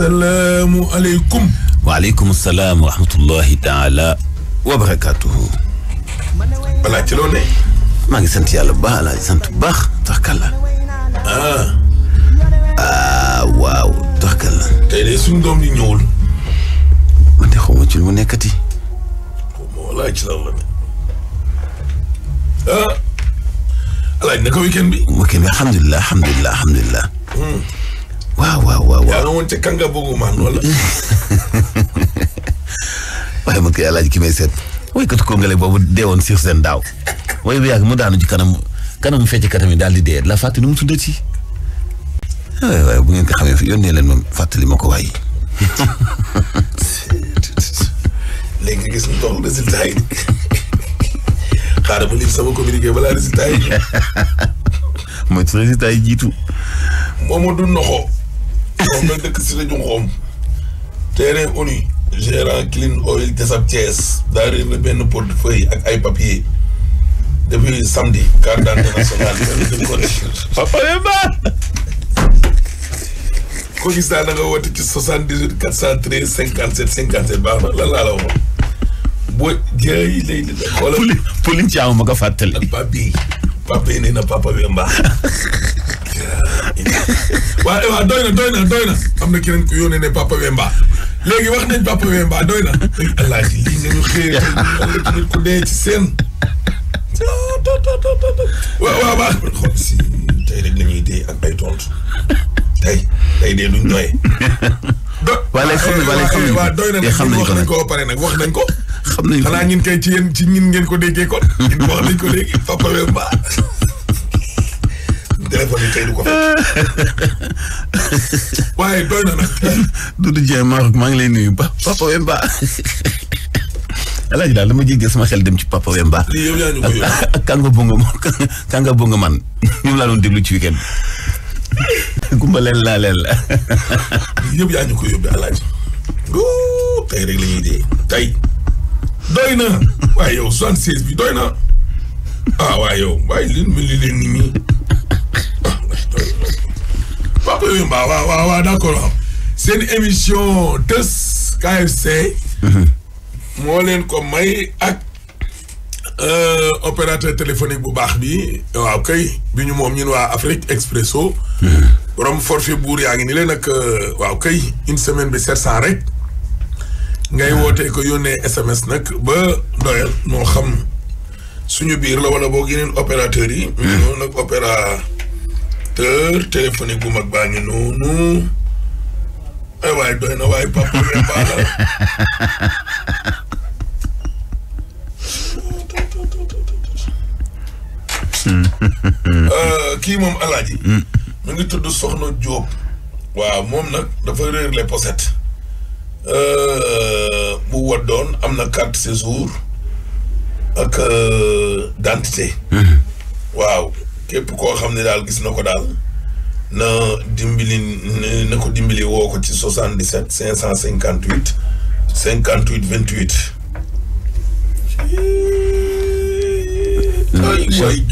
asalaamualeykum. waaleykum salaam wa rahmatullahi taala wa barakaatuhu. balaa ci loo ne. maa ngi sant yàlla bu baax laa sant bu baax tax kàlla. ah. ah waaw tax kàlla. tey de suñu doom di ñëwul. man de xaw ma ci lu mu nekkati. xaw ma walaay ci lan la ne. ah. alaaj naka weekend bi. weekend bi alhamdulilah alhamdulilah alhamdulilah. Hmm. waaw waaw waaw waaw. yaa woon te kanga ma kii El Hadj ki may seet. woykatu kongale boobu deewoon sur seen daaw. waaye bu yàgg mu daanu ci kanam kanam fecc katam yi daal di dee la fàttali nu mu tuddee ci. waaye bu ngeen ko xamee yónnee leen moom fàttali ma ko waaye. léegi gis nga toog résultat yi xaaral ma lim sama communiqué balaa résultat yi. mooy résultat jiitu. moom la dëkk si rajo Xom. terrain ONU. gérant Clean Oil Jasab Thiès. daa réer la benn portefeuille ak ay papier depuis samedi. carte d'identité baax na lan laa la boo jëy lay di la. wala Pauline Thiam ma ko fàttali. ak pape na papa bi mbaa. waaw waaw doy na doy na doy na am na keneen ku yónnee ne Papa Wemba léegi wax nañ Papa Wemba doy na alaaji lii nga ñu xëy na ku dee ci seen. waaw waaw baax na xool si tey rek nañuy dee ak ay tontu tey tey dee duñ doy. xam nañ na nag wax nañ ko ba pare nag wax nañ ko. xam nañ ko xanaa ñun kay ci yéen ci ngeen ko déggee kon. ñun wax nañ ko léegi Papa Wemba. téléphone yi tey du ko fekk waaye doy na nag. Doudou Dieng maa ngi lay nuyu ba Papa Wemba. alaaji daal dama jéggee sama xel dem ci Papa Wemba. lii yow yaa ñu ko ak Kanga Bongo Kanga Bongo man ñoom laa doon déglu ci weekend kumba leel laa leel la. yëpp yaa ñu ko yóbbee alaaji. tey rek la ñuy dee tey. doy na waaye yow soixante-seize bi doy na ah waaye yow waaye li li leen ni mi Papa Wemba waaw waaw waaw seen émission tës KFC. Uh-huh. moo leen ko may ak euh, opérateur téléphonique bu baax bi waaw kay bi ñu moom ñun waa Afrique Expresso. Uh-huh. borom forfait buur yaa ngi ni leen ak euh, waaw kay une semaine bi sept cent rek. ngay uh-huh. wootee ko yónnee SMS nag ba doyal moo xam suñu biir la wala boo yeneen opérateurs yi. ñu nag opéra. téléphonique bu mag baa ngi noonu ay waay doy na waay papa yembaa la euh, kii moom alaaji mu ngi tudd Soxna Diop waaw moom nag dafa réer les pochettes euh, bu waddoon am na carte séjour ak euh, d'identité mhm. waaw képp koo xam ne daal gis na ko daal na dimbali na ko dimbali woo ko ci 77 558 58 28.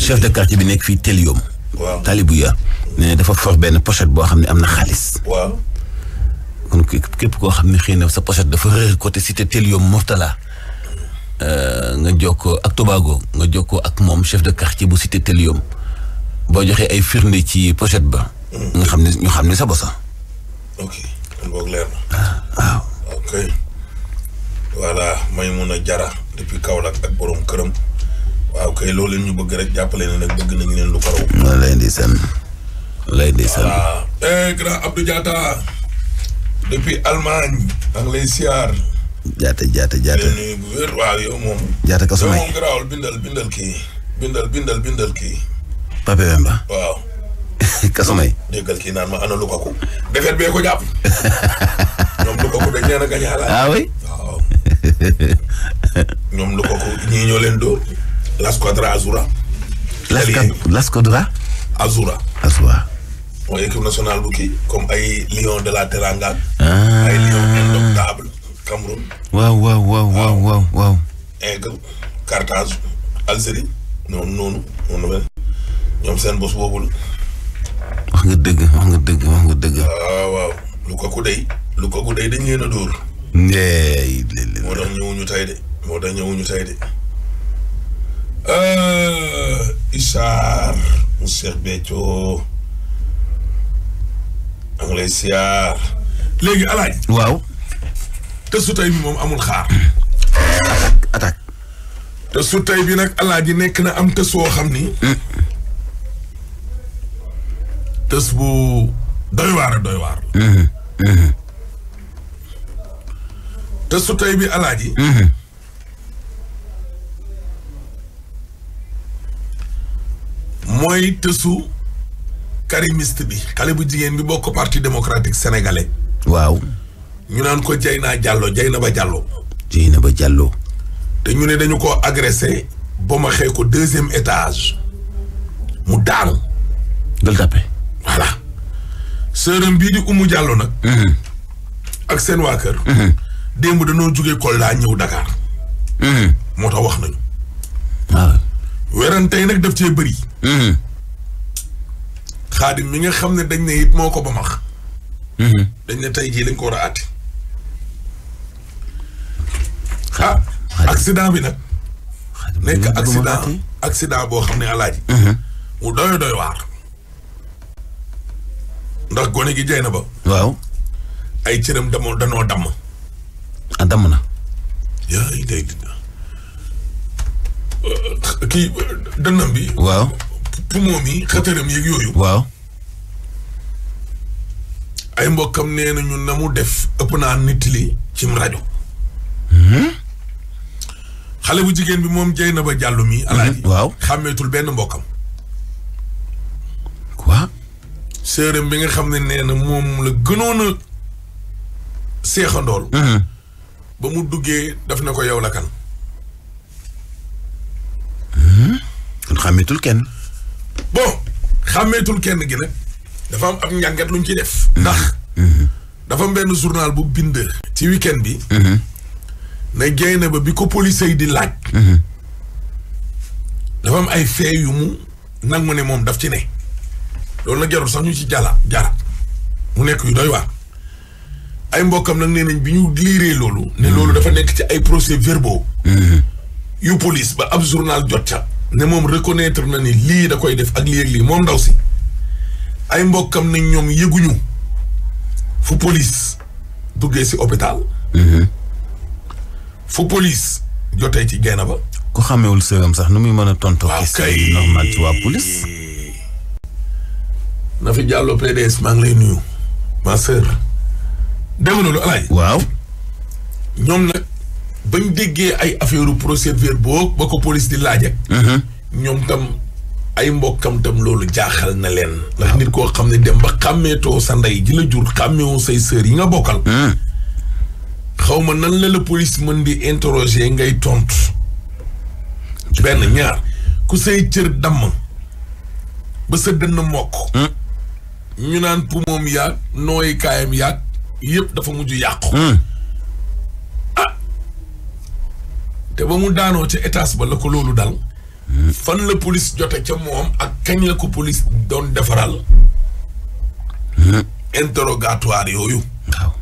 chef de quartier bi nekk fii Télium. waaw Talibou ya ne dafa for benn pochette boo xam ne am na xaalis. waaw. képp koo xam ne xëy na sa pochette dafa réer côté cité Télium Mortala. Euh, nga jokkoo ak Tobago nga jokkoo ak moom chef de quartier bu cité Télium. boo joxee ay firnde ci pochette ba. xam ne ñu xam ne sa bosa. ok kon boog leer na. Ah, waaw ok. voilà Maimouna Diarra depuis ak borom këram. waaw kay loolu leen ñu bëgg rek jàppale ne nag bëgg nañu leen lu ko raw. loolu lay di seen lay di seen. voilà eh grand Abdou Diatta siyaar. jaata jaata jaata leen nuyu jaata kaso may bindal bindal ki bindal bindal bindal kii. waaw. kaso may. déggal kii naan ma ana Lukaku. defet bee ko jàpp. ñoom Lukaku dañ leen a gañ xalaat. ah oui. waaw. ñoom Lukaku ñii ñoo leen dóor. la squadra azura. la squadra azura. azura. mooy équipe nationale bu kii ay lion de la Teranga. Ah. ay lion indomptable. Cameroun. waaw waaw waaw waaw waaw waaw. Aigle. Carthage. Algérie. noonu noonu. ñoom seen bos boobul. wax nga dëgg wax nga dëgg wax ah, waaw lu ko ku dey lu ko ku dey dañ leen a dóor. nee. moo tax ñëwuñu tay de am ah, léegi alaaj waaw. te su bi moom amul xaar. attaque attaque. te su tey bi nag alaaji nekk na am te soo xam ni. Hmm. bés bu doy waar a bi alaaji mooy tësu karimiste bi xale bu jigéen bi bokk parti démocratique sénégalais waaw ñu naan ko Dieyna Diallo Dieynaba Diallo Dieynaba Diallo te ñu ne dañu ko agressé ba ma xëy ko deuxième étage mu daanu dal tàppe voilà sërëm bii di umu jàlloo nag. Mhm. ak seen waa kër. Mhm. démb jóge kol Kolda ñëw Dakar. Mhm. moo tax wax nañu. waaw ah. weerante yi nag daf cee bëri. xaadim mi nga xam ne dañ ne it moo ko ba max. dañ ne tey jii dañ ko war a àtte. ah bi nag. nekk accident accident boo xam ne alaaji. mu doy doy waar. ndax gone gi jay na ba. waaw. ay cëram damoo danoo damm. ah na. yaa dënnam bi. waaw. poumon mi xataram yeeg yooyu. waaw. ay mbokkam nee nañu na mu def ëpp naa nit li cim rajo. Hmm? xale bu jigéen bi moom jay na ba jàllu mi. Hmm, alaaji waaw xàmmeetul benn mbokkam. quoi. sërëm bi nga xam ne nee na moom la gënoon a seexandool ba mu duggee daf na ko yow la kan xàmmeetul kenn bo xàmmeetul kenn gi dafa am ab njàngat lu ñu ciy def ndax dafa am benn journal bu bind ci weekend bi ne gaynde ba bi ko police yi di laaj dafa am ay fee yu mu nangu ne moom daf ci ne loolu nag jarul sax ñu ci jàlla jaara mu nekk yu doy waar ay mbokkam nag nee nañ bi ñu liiree loolu ne hmm. loolu dafa nekk ci ay procès verbaux hmm. yu police ba ab journal jot ca ne moom reconnaitre na ni lii da koy def ak lii ak lii moom ndaw si ay mbokkam nañ ñoom yëguñu fu police duggee si hôpital hmm. fu police jotee ci genn ba ku xamewul sëram sax nu muy mën a tontoo kii normal ci waa police na fi Diallo PDS maa ngi lay nuyu. ma sœur. dégg lu alaay. waaw. ñoom nag bañ déggee ay affaire procès-verbaux ba ko police di laaj mhm. ñoom tam ay mbokkam tam loolu jaaxal na leen. ndax nit koo xam ne dem ba xàmmeetoo sa ndey ji la jur xàmmeewoo say sœur yi nga bokkal. Mhm. xaw nan la la police mën di interroger ngay tontu. benn ñaar ku say cër damm ba sa dënn mokk. Mhm. ñu naan poumon yaag nooy kaayam yaag yëpp dafa mujj yàqu. Hmm. ah te ba mu daanoo ca etaas ba la ko loolu dal. Hmm. fan la polis jote ca moom ak kañ la ko police doon defaral. Hmm. interrogatoire yooyu. waaw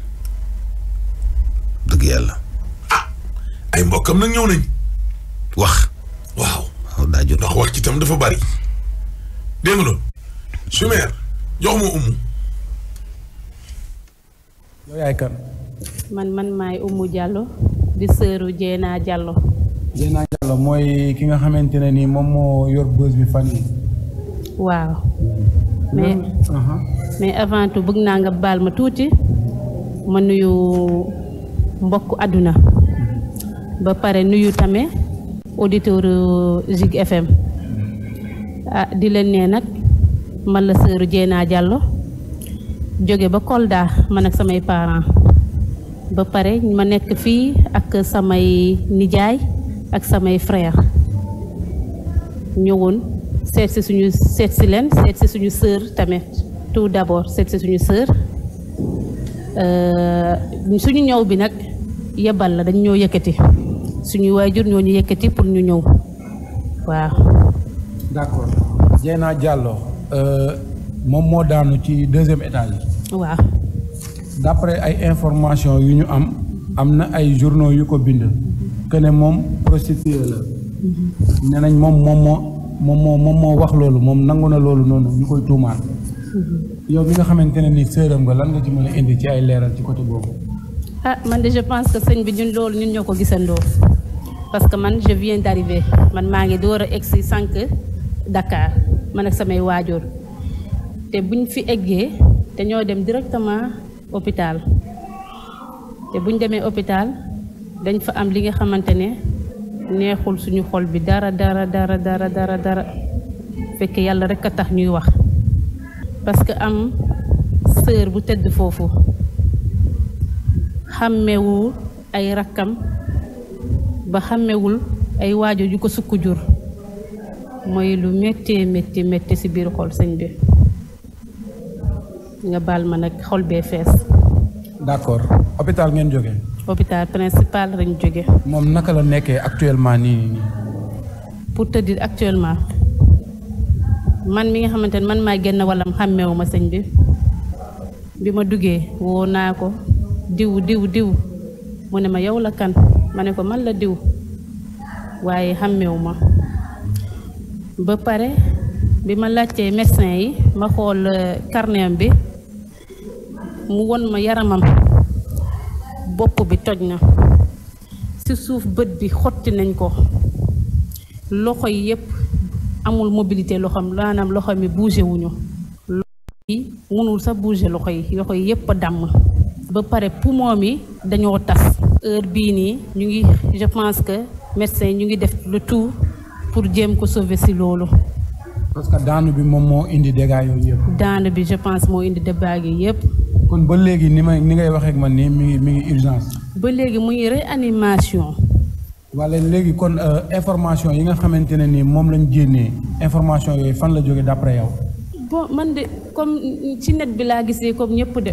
dëgg yàlla. ah ay mbokkam nag ñëw nañ. wax. waaw. waaw daa jot ndax wax ci tam dafa bari. dégg nga loolu. jox ma umu. yow yaay kan. man man maay Umu Diallo di sëru Jeena Diallo. Jeena Diallo mooy ki nga xamante ne nii moom moo yor bës bi fan yi waaw. mais mais avant bëgg naa nga baal ma tuuti ma nuyu mbokk àdduna ba pare nuyu tame auditeur Zik FM ah di leen nee nag. man la sëru Dieyna jàlloo jóge ba koldaa man ak samay parent ba pare ma nekk fii ak samay nijaay ak samay frère ñëwoon seet si suñu seet leen seet suñu sœur tamit tout d'abord seet si suñu sœur euh, suñu ñëw bi nag yebal la dañ ñoo yëkkati suñu waajur ñoo ñu yëkkati pour ñu ñëw waaw d'accord jàlloo Euh, moom moo daanu ci deuxième étage waaw d'après ay information yu ñu am am na ay journaux yu ko bind que ne moom prostituée la mhm. nee nañ moom moom moo moom moo moom moo wax loolu moom nangu na loolu noonu ñu koy tuumaal mhm. yow bi nga xamante ne nii sëram nga lan nga ci mën a indi ci ay leeral ci côté boobu ah man de je pense que sëñ bi ñun loolu ñun ñoo ko gisandoo parce que man je viens d'arriver man maa ngi di war a egsi sànq Dakar man ak samay waajur te buñ fi eggee dañoo dem directement hôpital te buñ demee hôpital dañ fa am li nga xamante ne neexul suñu xol bi dara dara dara dara dara fekk yàlla rekk a tax ñuy wax parce que am sœur bu tëdd foofu xàmmewul ay rakkam ba xàmmewul ay waajur yu ko sukk jur mooy lu méttee métti métti ci biir xol sëñ bi nga baal ma nag xol bee fees. d'accord hôpital ngeen jóge. hôpital principal lañ jóge. moom naka la nekkee actuellement nii. pour te actuellement man mi nga xamante ne man maa génn walam xàmmeewu ma sëñ bi bi ma duggee woo naa ko diw diw diw mu ne ma yow la kan ma ne ko man la diw waaye xàmmeewu ma. ba pare bi ma laajtee médecin yi ma xool euh, carnet bi mu won ma yaramam bopp bi toj na ci suuf bët bi xotti nañ ko loxo yi yépp amul mobilité loxoom maanaam loxo mi bougé wuñu loxo yi mënul sax bougé loxo yi loxo yi yépp dàmm ba pare poumon yi dañoo tas heure bii nii ñu ngi je pense que yi ñu ngi def le tout pour jéem ko sove si loolu. parce que daanu bi moom moo indi dégâts yooyu yëpp. daanu bi je pense moo indi dégâts yi yëpp. kon ba léegi ni may ni ngay waxee ak man nii mi ngi mi urgence. ba léegi mu ngi réanimation. walla léegi kon euh, information yi nga xamante ne ni moom lañ génnee information yooyu fan la jógee d'après yow. bon man de comme ci net bi laa gisee comme ñëpp de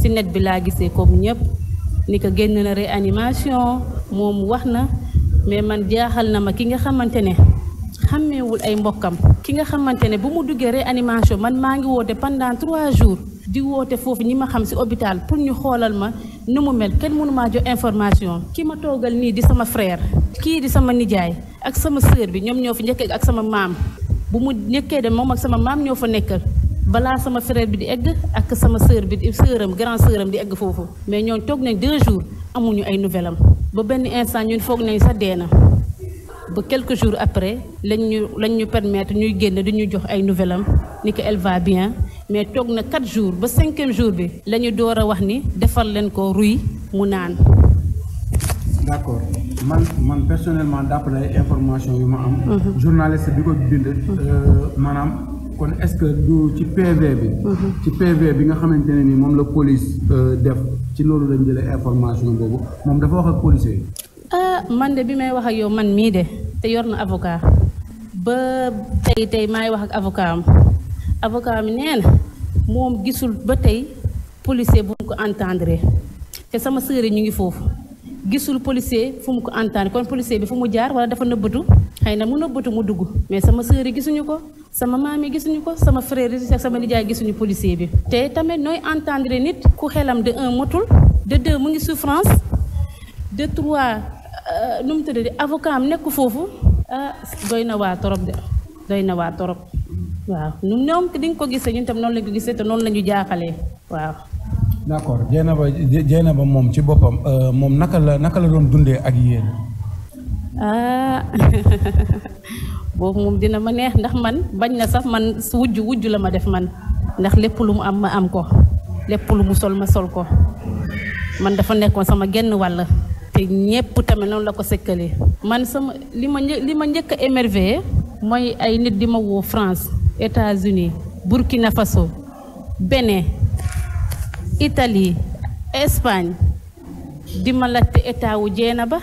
ci net bi laa gisee comme ñëpp ni ko génn na réanimation moom wax na. mais man jaaxal na ma ki nga xamante ne xàmmeewul ay mbokkam ki nga xamante ne bu mu duggee animation man maa ngi woote pendant trois jours di woote foofu ñi ma xam ci hôpital pour ñu xoolal ma nu mu mel kenn mënu maa jox information ki ma toogal nii di sama frère kii di sama nijaay ak sama sœur bi ñoom ñoo fi njëkkee ak sama maam bu mu njëkkee de moom ak sama maam ñoo fa nekkal balaa sama frère bi di egg ak sama sœur bi di sœuram grand sœuram di egg foofu mais ñooñ toog nañ deux amuñu ay nouvelle ba benn instant ñun foog nañ sax dee na ba quelque jours après lañ ñu lañ ñu permettre ñuy génn di ñu jox ay nouvelle am ni que elle bien mais toog na 4 jours ba cinquième jour bi la ñu door a wax ni defal leen ko ruy mu naan. d'accord man man personnellement d'après information yu ma am. Mhm. journaliste bi ko bind. Euh, maanaam. kon est-ce que du ci PV bi. Mm-hmm. ci PV bi nga xamante ne nii moom la police euh, def ci loolu lañ jëlee information boobu moom dafa wax ak policier yi. ah man de bi may wax ak yow man mii de te yor na avocat ba tey tey maay wax ak avocat am avocat mi nee moom gisul ba tey policier bu mu ko entendre te sama sœur ñu ngi foofu gisul policier fu mu ko entendre kon policier bi fu mu jaar wala dafa nëbbatu xëy na mu nëbbatu mu dugg mais sama sœur gisuñu ko. sama maam yi gisuñu ko sama frère yi sama nijaay gisuñu policier bi te tamit nooy entendre nit ku xelam de un motul de deux mu ngi souffrance de trois euh, nu mu tëddee avocat am nekk foofu ah doy na waa torop de doy na waa torop waaw ñun ñoom di nga ko gisee ñun tam noonu lañu ko gisee te noonu la ñu jaaxalee waaw. d' accord Dieynaba Dieynaba moom ci boppam euh, moom naka la naka la doon dundee ak yéen. Ah, boobu moom dina ma neex ndax man bañ na sax man wujj wujj la ma def man ndax lépp lu mu am ma am ko lépp lu mu sol ma sol ko man dafa nekkoon sama genn wàll te ñépp tamit noonu la ko sëkkalee man sama li ma ma njëkk a mooy ay nit di ma woo France États-Unis Burkina Faso Bénin Italie Espagne di ma laajte état wu jeena ba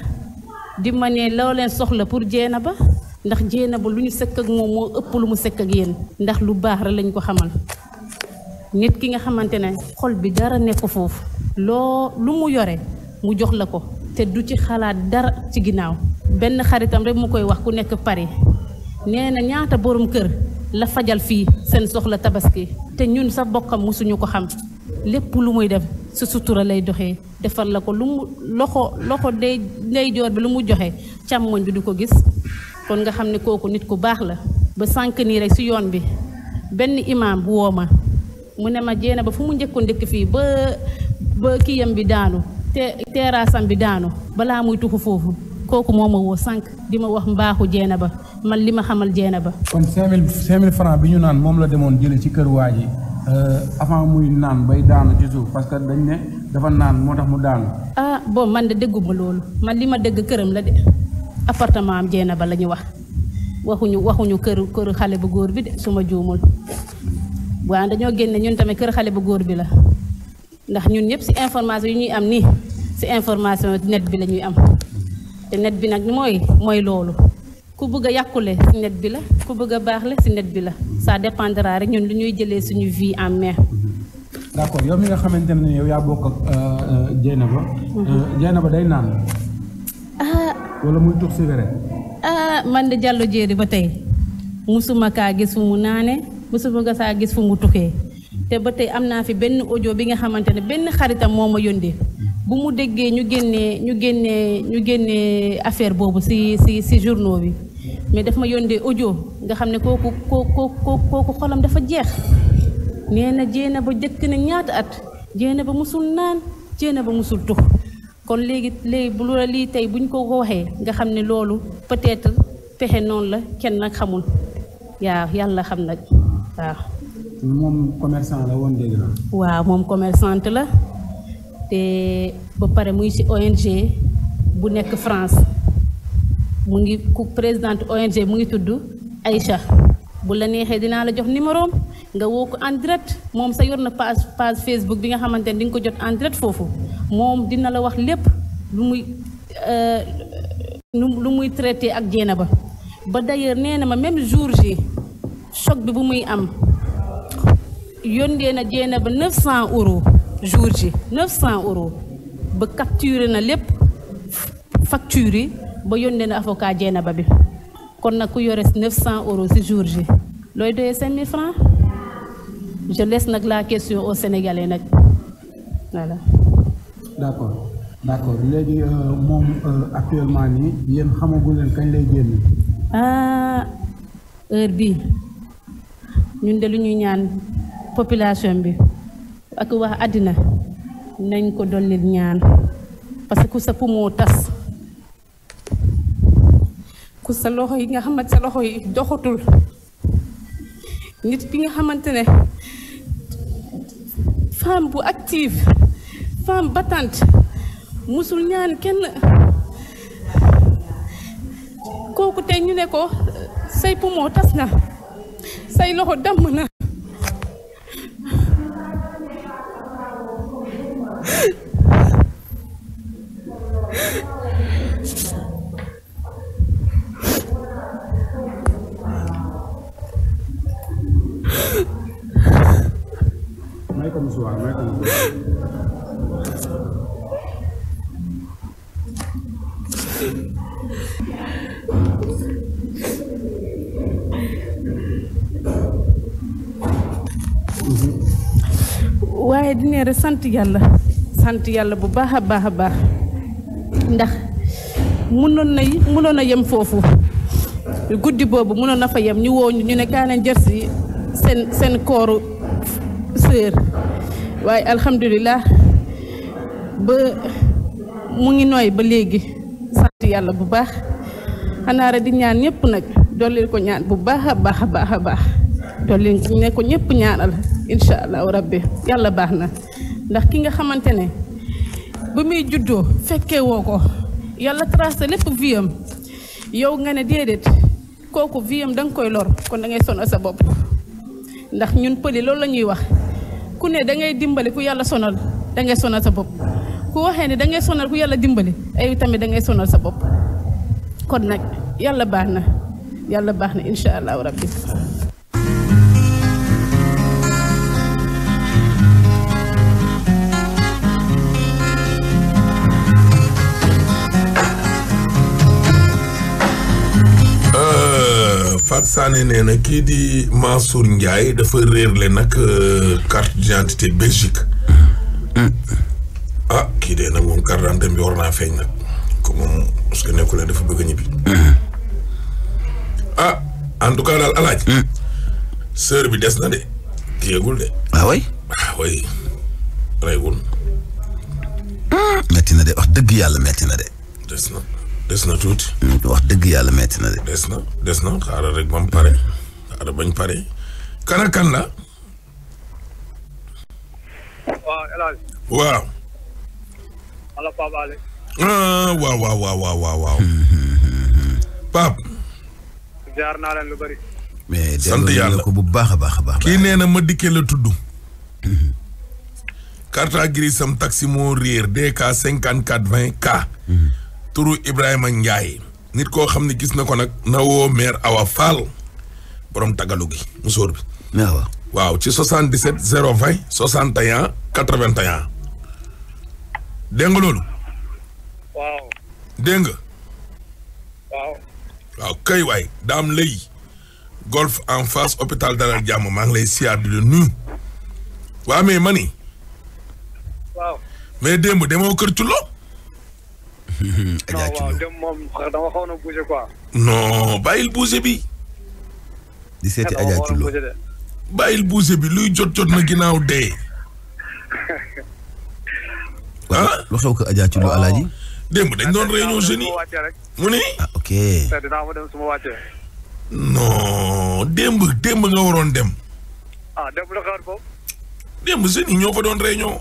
di ma ne loo soxla pour jeena ba ndax jéena ba lu ñu sëkk ak moom moo ëpp lu mu sekk ak yéen ndax lu baax rek lañ ko xamal nit ki nga xamante na xol bi dara nekk foofu loo lu mu yore mu jox la ko te du ci xalaat dara ci ginnaaw benn xaritam rek mu koy wax ku nekk Paris nee na ñaata borom kër la fajal fii seen soxla tabaski te ñun sa bokkam mosuñu ko xam lépp lu muy def su sutura lay doxee defal la ko lu mu loxo loxo day ndeyjoor bi lu mu joxe càmmooñ bi du ko gis kon nga xam ne kooku nit ku baax la ba sànq nii rek si yoon bi benn imaam woo ma mu ne ma jéena ba fu mu njëkkoon dëkk fii ba ba kiyam bi daanu te teeraasam bi daanu balaa muy tuxu foofu kooku moo ma woo sànq di ma wax mbaaxu jeena ba man li ma xamal jeena ba. kon cinq mille cinq bi ñu naan moom la demoon jële ci kër waa ji euh, avant muy naan bay daanu ci suuf parce que dañ ne dafa naan moo tax mu daanu. ah bon man de déggu loolu man li ma dégg këram la appartement am jéena ba la ñu wax waxuñu waxuñu kër kër xale bu góor bi de su ma juumul waaye dañoo génne ñun tamit kër xale bu góor bi la ndax ñun ñëpp ci information yi ñuy am ni ci information net bi lañuy am te net bi nag mooy mooy loolu ku bëgg a yàqule ci net bi la ku bëgg a baax le ci net bi la saa dépendra rek ñun lu ñuy jëlee suñu vie en mais d'accord yow mi nga xamante ne yow yaa bokk ak euh, euh, Dieynaba. Mm-hmm. Euh, Dieynaba day naan. wala muy tux cigarette. ah man de Diallo Diéry ba tey musuma kaa gis fu mu naane musuma kaa gis fu mu tukkee te ba tey am naa fi benn audio bi nga xamante ne benn xaritam moo ma yónnee bu mu déggee ñu génnee ñu génnee ñu génnee affaire boobu si si bi mais daf ma yónnee audio nga xam ne kooku kooku kooku dafa jeex nee na jéena ba jëkk na ñaata at jéena ba musul naan jéena ba musul tux kon léegi léegi bu la lii tey buñ ko waxee nga xam ne loolu peut-être pexe noonu la kenn nag xamul yaa yàlla xam nag waaw. moom commerçant la moom commerçante la te ba pare muy ci ONG bu nekk France mu ngi ku présidente ONG mu ngi tudd ay Aïcha. bu la neexee dinaa la jox numéro nga woo ko en moom sa yor na page page Facebook bi nga xamante ne di ko jot en foofu moom dina la wax lépp lu muy euh, lu muy traité ak jéena ba ba d'ailleurs nee na ma même jour ji choc bi bu muy am yónnee na jéena ba 900 euros jour ji 900 euro ba capturé na lépp facture yi ba yónnee na avocat jéena ba bi. kon nag ku yore 900 euros ci jour ji looy doyee 5000 francs je laisse nag la question aux Sénégalais nag voilà. d' accord d' léegi euh, moom euh, actuellement nii yéen xamagu leen kañ lay génn. ah heure bii ñun de lu ñuy ñaan population bi ak wax àddina nañ ko dollil ñaan parce ku sa poumon tas. sa loxo yi nga xamante sa loxo yi doxatul nit ki nga xamante ne femme bu active femme battante musul ñaan kenn kooku tey ñu ne ko say poumon tas na say loxo damm na de sant yàlla sant yàlla bu baax a baax a baax ndax mënoon na mënoon a yem foofu guddi boobu mënoon na fa yem ñu woo ñu ne kaa leen jër si seen seen kooru sœur waaye alhamdulilah ba mu ngi nooy ba léegi sant yàlla bu baax xanaa rek di ñaan ñëpp nag dolli ko ñaan bu baax a baax a baax a baax dolli ne ko ñëpp ñaanal incha allahu rabbi yàlla baax na ndax ki nga xamante ne ba muy juddoo fekkee woo ko yàlla tracé lépp viam yow nga ne déedéet kooku viam da nga koy lor kon da ngay sonal sa bopp ndax ñun pëli loolu la ñuy wax ku ne da ngay dimbali ku yàlla sonal da ngay sonal sa bopp ku waxee ne da sonal ku yàlla dimbali tamit da ngay sonal sa bopp kon nag yàlla baax na yàlla baax na incha allahu rabbi Fatou Sané nee na kii di Mansour Ndiaye dafa réerle nag euh, carte d'identité Belgique. ah kii dee nag moom carte d'identité bi war naa feeñ nag ko moom parce que nekkul dafa bëgg a ñibbi. ah en tout cas daal alaaj sœur bi des na de kiyegul de. ah oui. ah oui reygul. metti na de wax dëgg yàlla metti na de. des na. des na tuuti. wax dëgg yàlla metti na de. des na des na xaaral rek ba mu pare xaaral bañ pare. kan la. Ah, waaw waaw. waaw waaw waaw waaw waaw. Hmm, hmm, hmm, naa leen lu bari. mais yàlla ko bu baax a baax a baax. kii nee na ma dikkee la tudd. carte grise sam taxi moo réer DK cinquante quatre vingt K. turu Ibrahima Ndiaye nit koo xam ne gis na ko nag na woo maire Awa Fall borom gi musóor bi. waaw ci 77 020 61 81. dégg nga loolu. waaw. dégg nga. waaw. waaw kay waay daam lay golf en face hôpital Dalal Jàmm maa ngi lay siyaar di la waa mais mani. waaw. mais démb demoo kër Tullo. Eh, non waaw dem moom dama xaw na bougé bi. di seeti Adja Tulo bàyyil bougé bi luy jot jot na ginnaaw dee. ah lu xew a Adja Tulo alaaji. démb dañ doon réunion jeunes mu ni. ah ok. su ma wàccee. non démb démb nga waroon dem. ah démb la ñoo fa doon réunion.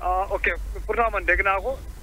ah ok man dégg naa ko.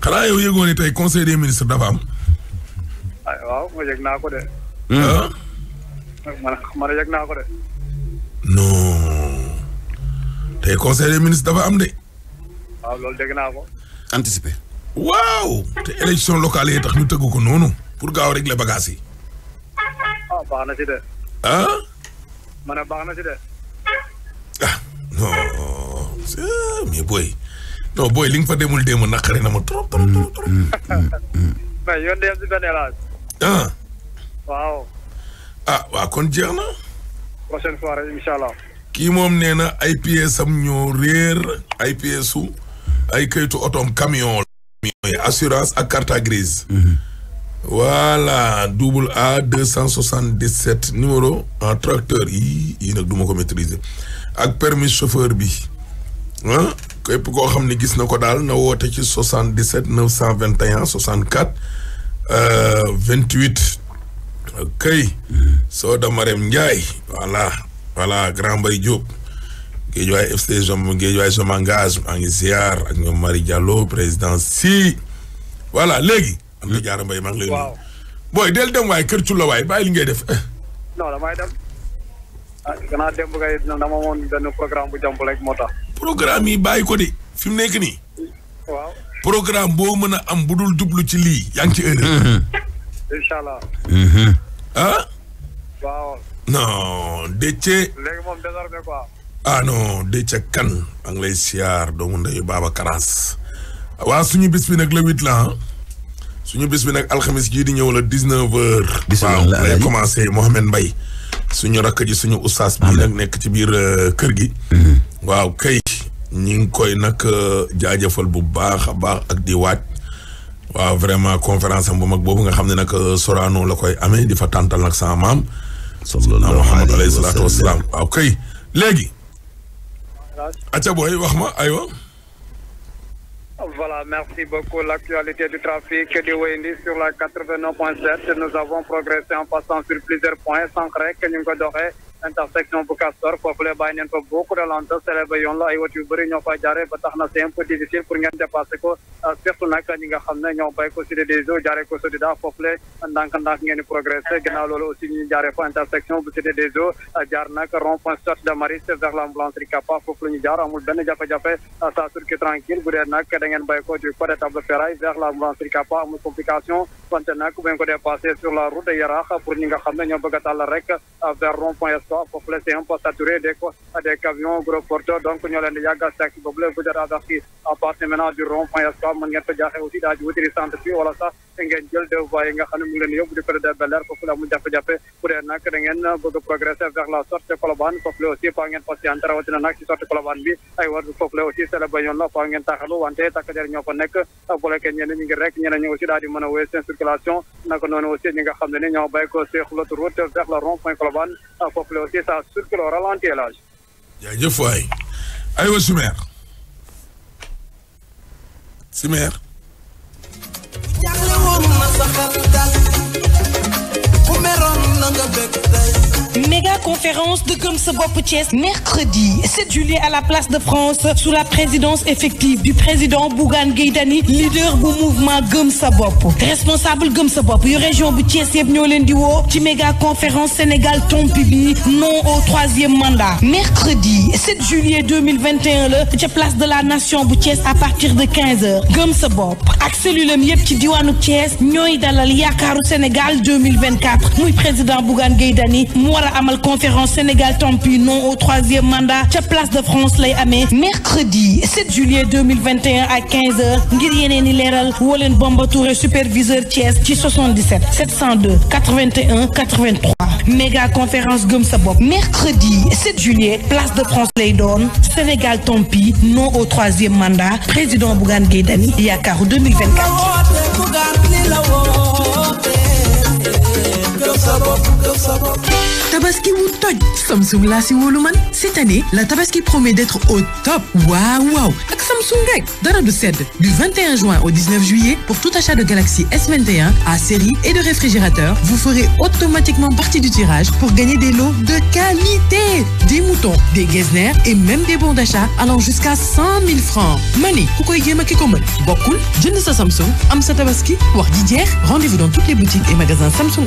xanaa yow yëgoo ne tey conseil des ministres dafa am. ay waaw ma yëg ko de. ah. tey conseil des ministres dafa am de. waaw loolu dégg naa ko. anticiper. waaw te élection locale yi tax ñu tëgg ko noonu pour gaaw a régler bagages yi. Ah, baax na ci de. ah. ma baax na ci de. ah non mais boy. non booy li nga fa demul démb naqari na ma trop trop trop trop. Mm, mm, mm. mais yoon dem si benn laaj. ah. waaw. ah waa kon jeex na. prochaine fois rek incha allah. kii moom nee na ay pièces am ñoo réer ay pièces su ay kayitu otoom camion la. assurance ak carte grise. Mm-hmm. voilà double A deux cent soixante dix sept numéro en tracteur yii yii nag du ma ko maîtriser ak permis chauffeur bi ah. képp koo xam ne gis na ko daal na woote ci 77 921 64 28 kay Soda Marème Ndiaye voilà voilà Grand Mbaye Diop Guédiawaye FC jom Guédiawaye je m'engage maa ngi ziar ak ñoom Marie Diallo président si voilà léegi am na jaara mbay maa ngi lay nuyu booy del dem waaye kër Cula waay bàyyi li ngay def ah gannaaw démb kay dama programme bu jàmp rek moo tax. programme yi bàyyi ko di fi mu nekk nii. waaw programme boo mën a am bu dul jublu ci lii yaa ngi ci erreur. Mhm. incha allah. Mhm. ah. waaw. non Déthié. léegi ah non Déthié Kane. maa siyaar doomu ndeyu Baba Karaas. waa suñu bis bi nag le huit la ah. suñu bis bi nag alxamis jii di ñëw la dix neuf heures. bisimilah waaw lay commencé suñu rakk ji suñu ustaas bi nag nekk ci biir euh, kër gi mhm. waaw kay ñi ngi koy nag euh, jaajëfal bu baax a baax ak di waat waaw vraiment conférence am bu mag boobu nga xam ne nag euh, Sorano la koy amee di fa tàntal nag sama maam sallallahu Muhammad alayhi salaatu wasalaam waaw kay léegi acca booy wax ma aywa Voilà, merci beaucoup. L'actualité du trafic du Wendy sur la 89.7, nous avons progressé en passant intersection bu Castor foofu la bàyyi neen fa beaucoup de lente sere ba la ay wat ñoo fa jaare ba tax na c'est un difficile pour ngeen dépasser ko euh, surtout nag ñi nga xam ne ko Cité foofu la ndànk-ndànk ngeen di progresser ginnaaw euh, nag rond point Stade vers l'ambulancerie Kappa foofu la ñu jaar amul benn jafe-jafe euh, ça circule tranquille bu dee nag da ngeen bay ko du côté Table Ferraille vers l'ambulancerie Kappa amul complication wante nag fois foofu la c'est un peu saturé gros porteurs donc ñoo leen di yàgg a la vous êtes averti du rond point est ce mën ngeen aussi daal wutiri centre bi wala sax ngeen jël deux voies xam ne mu ngi leen di yóbbu foofu la mu jafe-jafe foofu la aussi faa ngeen foofu la aussi faa ngeen taxalu wante takk der ñoo fa nekk bloqué ñeneen ñi ngi rek ñeneen ñi aussi daal di mën a wéy seen circulation aussi ñi foofu jàppale aussi ça circule au ralenti l'âge. jaajëf waay aywa Sumer Sumer. jàppale woon na saxal dal ku meroon méga conférence de Gëm sa bopp Thiès mercredi 7 juillet à la place de France sous la présidence effective du président Bougane Gueye Dany leader bu mouvement Gëm sa bopp responsable Gëm sa bopp yu région bu Thiès yëpp ñoo leen di woo ci méga conférence Sénégal tompi bi non au troisième mandat mercredi 7 juillet 2021 la ca place de la nation bu Thiès à partir de 15 heures Gëm sa bopp ak cellulam yëpp ci diwaanu Thiès ñooy dalal yaakaaru Sénégal 2024 muy président président Bougane Gueye Dany mu war a amal conférence Sénégal tant pis non au troisième mandat ca place de France lay amee mercredi 7 juillet 2021 à 15h ngir yeneen i leeral woo leen Bamba Touré superviseur Thiès ci 77 702 81 83 méga conférence gëm sa bopp mercredi 7 juillet place de France lay doon Sénégal tant pis non au troisième mandat président Bougane Gueye Dany yaakaaru 2024 sa bopp gëm sa bopp tabaski wu toj samsung laa si wóolu man cette année la tabaski promet d'être au top waaw waaw ak samsung rek dara du sedd du 21 juin au 19 juillet pour tout achat de Galaxy S21 à série et de réfrigérateur vous ferez automatiquement partie du tirage pour gagner des lots de qualité des moutons des Getzner et même des bons d'achat allant jusqu'à francs mani ku koy jéem a ki ko mën bokkul jënd sa samsung am sa tabaski wax ji jeex rendez-vous dans toutes les boutiques et magasins samsung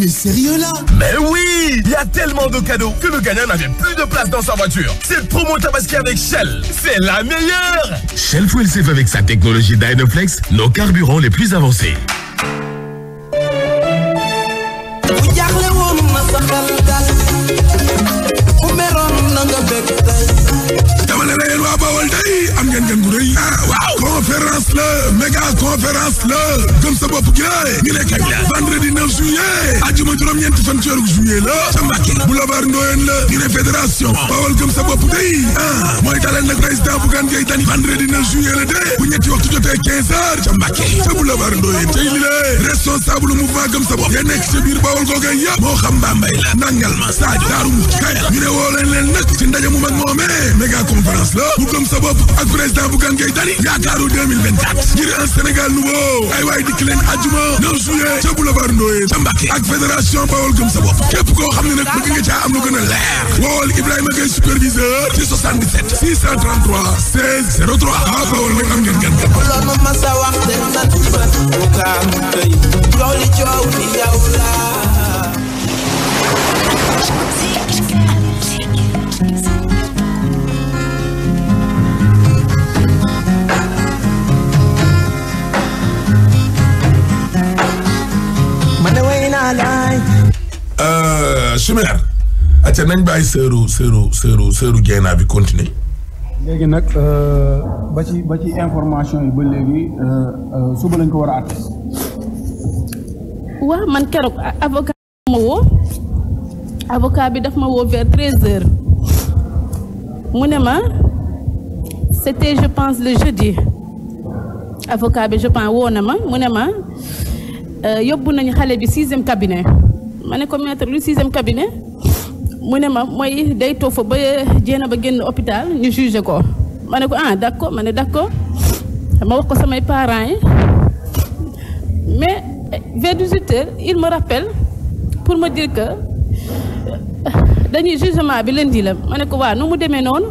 tu es Mais oui Il a tellement de cadeaux que le gagnant n'avait plus de place dans sa voiture. Cette promo Tabaski avec Shell, c'est la meilleure Shell Fuel Safe avec sa technologie Dynaflex, nos carburants les plus avancés. am ngeen gan gu rëy ah waaw conférence méga conférence la gëm sa bopp gi la ñetti fan ci weeru juillet la ca Mbàkke boulevard Ndoyeen la ñu a fédération bawal gëm sa bopp day ah mooy daleen nag président Bougane Gueye Dany vendredi 9 juillet la dé a ñetti waxtu jotee 15 heures ca Mbàkke ca boulevard Ndoyeen tey gëm sa bopp ya nekk ci biir bawal googee yëpp moo gëm gëm sa bopp képp koo xam ne nag bëgg nga caa am lu gën a leer wool Ibrahima Gueye superviseur ci 77 633 16 03 ah Bawol nag am ngeen gan man way naa laay Euh, Chimère. acca nañ bàyyi sëru sëru sëru sëru Dieyna bi continuer. léegi nag euh, ba ci ba ci information yi ba léegi euh, suba lañ ko war a àtte. waaw man keroog avocat ma bi daf ma woo vers treize heures mu ne ma c'était je pense le jeudi avocat bi je pense woo na ma mu ne ma yóbbu nañu xale bi sixième cabinet. ma ne ko maître lu sixième cabinet mu ne ma mooy day toog fa ba jéena ba génn hôpital ñu jugé ko ma ne ko ah d'accord ma ne d'accord ma wax ko samay parent yi mais vers 18 heures il me rappelle pour me dire que dañuy jugement bi lundi la ma ne ko waa nu mu demee noonu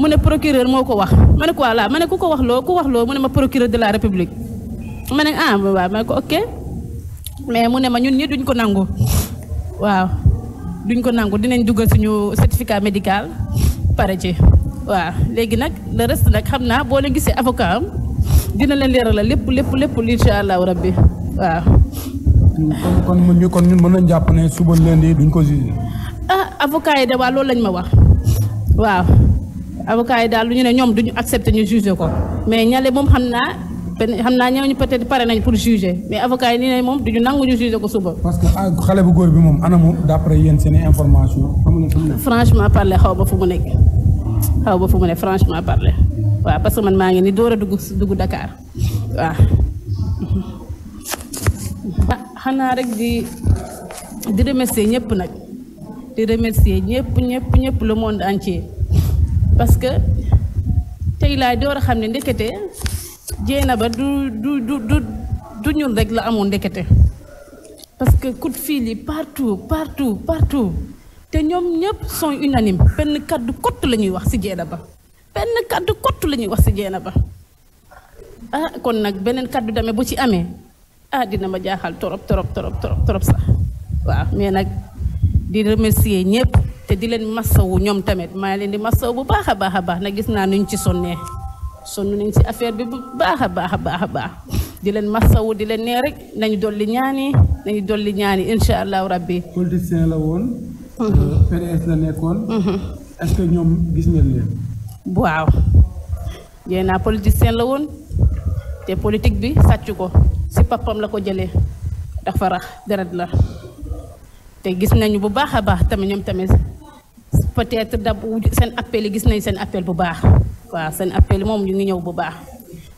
mu ne procureur moo ko wax ma ne ko waa laa ma ne ku ko wax loo ku wax loo mu ne ma procureur de la république ma ne ah ma ne ko ok mais mu ne ma ñun ñi duñ ko nangu waaw duñ ko nangu dinañ si ñu certificat médical pare ci waaw léegi nag le reste nag xam naa boo la gisee avocat am dina leeral la lépp lépp lépp incha allahu rabbi waaw. kon kon ñu kon ñun mën nañ jàpp ne suba lundi duñ ko jugé. ah avocat yi de waaw loolu lañ ma wax waaw avocat yi daal lu ñu ne ñoom duñu accepté ñu jugé ko mais ñale moom xam naa. xam naa ñooñu peut-être pare nañ pour juger mais avocat yi nii ne moom duñu nangu ñu juger ko suba. parce que ah, xale bu góor bi moom ana moom d'après yéen seen information franchement parler xaw ba fu mu nekk xaw ba fu mu nekk franchement parler waaw parce que man maa ngi ni door a dugg dugg Dakar xanaa rek di di remercier ñëpp nag di remercier ñëpp ñëpp ñëpp le monde entier parce que tey laay door a xam ne ndekete. jéena ba du du du du du ñun rek la amoon ndekete parce que coup fii lii yi partout partout partout te ñoom ñëpp sont unanimes benn kàddu kott la ñuy wax ci jéena ba benn kàddu kott la ñuy wax ci jéena ba ah kon nag beneen kàddu dame bu ci amee ah dina ma jaaxal torop torop torop torop torop sax waaw mais nag di remercier ñëpp te di leen massawu ñoom tamit maa leen di massawu bu baax a baax a baax na gis naa nuñ ci sonnee sonn nañ si affaire bi bu baax a baax a baax a baax di leen masawu di leen nee rek nañu dolli ñaani nañu dolli ñaani incha allahu rabbi. politicien la woon. Mhm. Euh, PDS la nekkoon. Mhm. est que ñoom gis ngeen leen. waaw yéen naa politicien la woon te politique bi sàcc ko si papam la ko jëlee dafa rax deret la te gis nañu bu baax a baax tamit ñoom tamit peut-être da seen appel yi gis nañ seen appel bu baax. waaw seen appel moom ñu ngi ñëw bu baax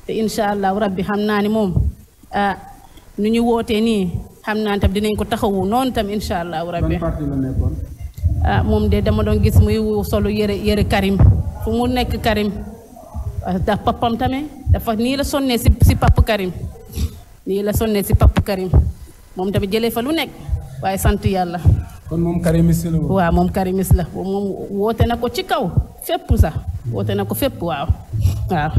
te incha allah rabbi xam naa ne moom ah nu ñu wootee nii xam naa tam dinañ ko taxawu noonu tam incha allah rabbi ah moom de dama doon gis muy solu yëre yëre Karim fu mu nekk Karim ndax ah, papam tamit dafa nii la sonnee si si pap Karim nii la sonnee si pap Karim moom tamit jëlee fa lu nekk waaye sant yàlla. kon moom karimis la waaw moom karimis la moom woote na ko ci kaw fépp sax woote na ko fépp waaw waaw.